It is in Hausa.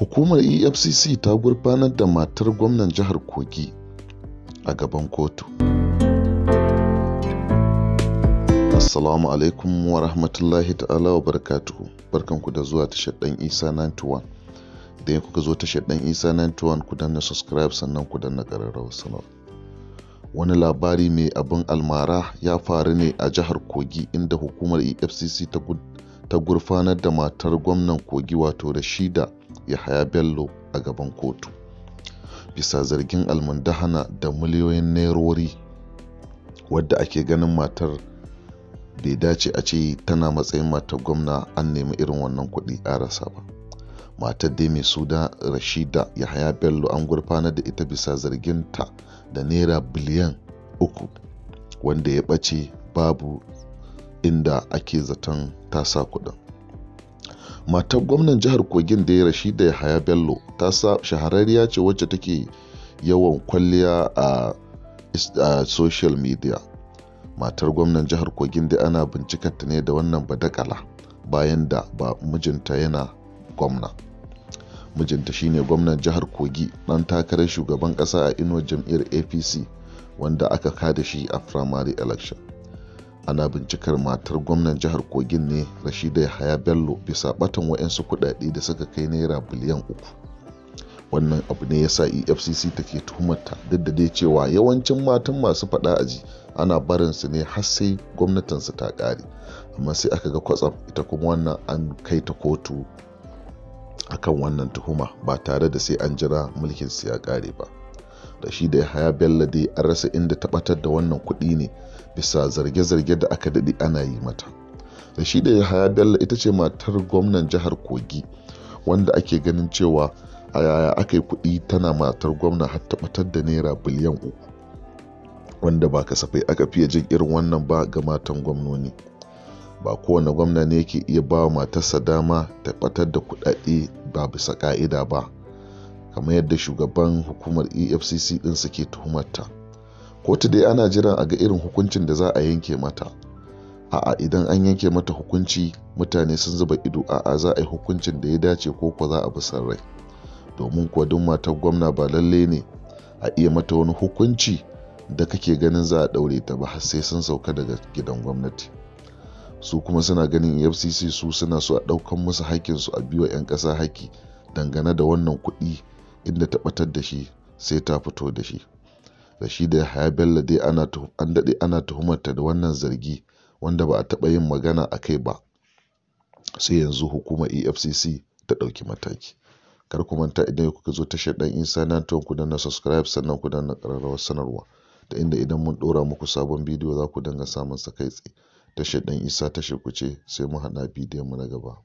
hukumar efcc ta gurfanar da matar gwamnan jihar kogi a gaban kotu assalamu alaikum wa rahmatullahi ta'ala wa barakatuhu barkanku da zuwa tashar dan isa 91 da ya kuka zo tashar dan isa 91 ku danna subscribe sannan ku danna ƙararrawar sanar wani labari mai abin almara ya faru ne a jihar kogi inda hukumar efcc ta gurfanar da matar gwamnan kogi wato rashida yahaya bello a gaban kotu bisa zargin almundahana da miliyoyin nairori wadda ake ganin matar bai dace a ce tana matsayin matar gwamna an nemi irin wannan kuɗi a rasa ba matar dai mai suda rashida yahaya bello an gurfanar da ita bisa zargin ta da naira biliyan uku wanda ya ɓace babu inda ake zaton tasa kuɗin matar gwamnan jihar kogin da ya da yahaya bello ta sa shahararriya ce wacce take yawan kwalliya a social media matar gwamnan jihar kogin da ana bincikanta ne da wannan badakala bayan da ba mijinta yana gwamna mijinta shine gwamnan jihar kogi dan takarar shugaban kasa a ino jam'iyyar apc wanda aka kada shi a primary election ana bincikar matar gwamnan jihar kogin ne rashida yahaya bello bisa batan wa'yansu kudade da suka kai naira biliyan uku wannan abu ne yasa efcc take tuhumarta duk da dai cewa yawancin matan masu faɗa aji ana barin su ne har sai gwamnatinsu ta kare amma sai aka ga kwatsam ita kuma wannan an kai ta kotu akan wannan tuhuma ba tare da sai an jira mulkin su ya kare ba da shi da Yahaya Bello dai an rasa inda ta batar da wannan kuɗi ne bisa zarge-zarge da aka daɗi ana yi mata. Da shi da Yahaya Bello ita ce matar gwamnan jihar Kogi wanda ake ganin cewa a yaya aka yi kuɗi tana matar gwamna har ta batar da naira biliyan uku wanda ba kasafai aka fiye jin irin wannan ba ga matan gwamnoni. ba kowane gwamna ne yake iya ba matarsa dama ta batar da kuɗaɗe ba bisa ƙa'ida ba kamar yadda shugaban hukumar efcc ɗin suke tuhumarta kotu dai ana jiran a ga irin hukuncin da za a yanke mata a'a idan an yanke mata hukunci mutane sun zuba ido a'a za a yi hukuncin da ya dace ko ko za a bi san rai domin kuwa duk matar gwamna ba lalle ne a iya mata wani hukunci da kake ganin za a ɗaure ta ba har sai sun sauka daga gidan gwamnati su kuma suna ganin efcc su suna so a ɗaukan musu haƙƙinsu a biyo 'yan ƙasa haƙƙi dangane da wannan kuɗi inda ta batar da shi sai ta fito da shi da da yahaya bello dai an daɗe ana tuhumarta da wannan zargi wanda ba a taɓa yin magana a kai ba sai yanzu hukumar efcc ta ɗauki mataki kar ku manta idan kuka zo tashar ɗan isa na tuwon ku danna subscribe sannan ku danna ƙararrawar sanarwa ta inda idan mun ɗora muku sabon bidiyo za ku dinga samun sa kai tsaye tashar ɗan isa tashar ku ce sai haɗa mu na gaba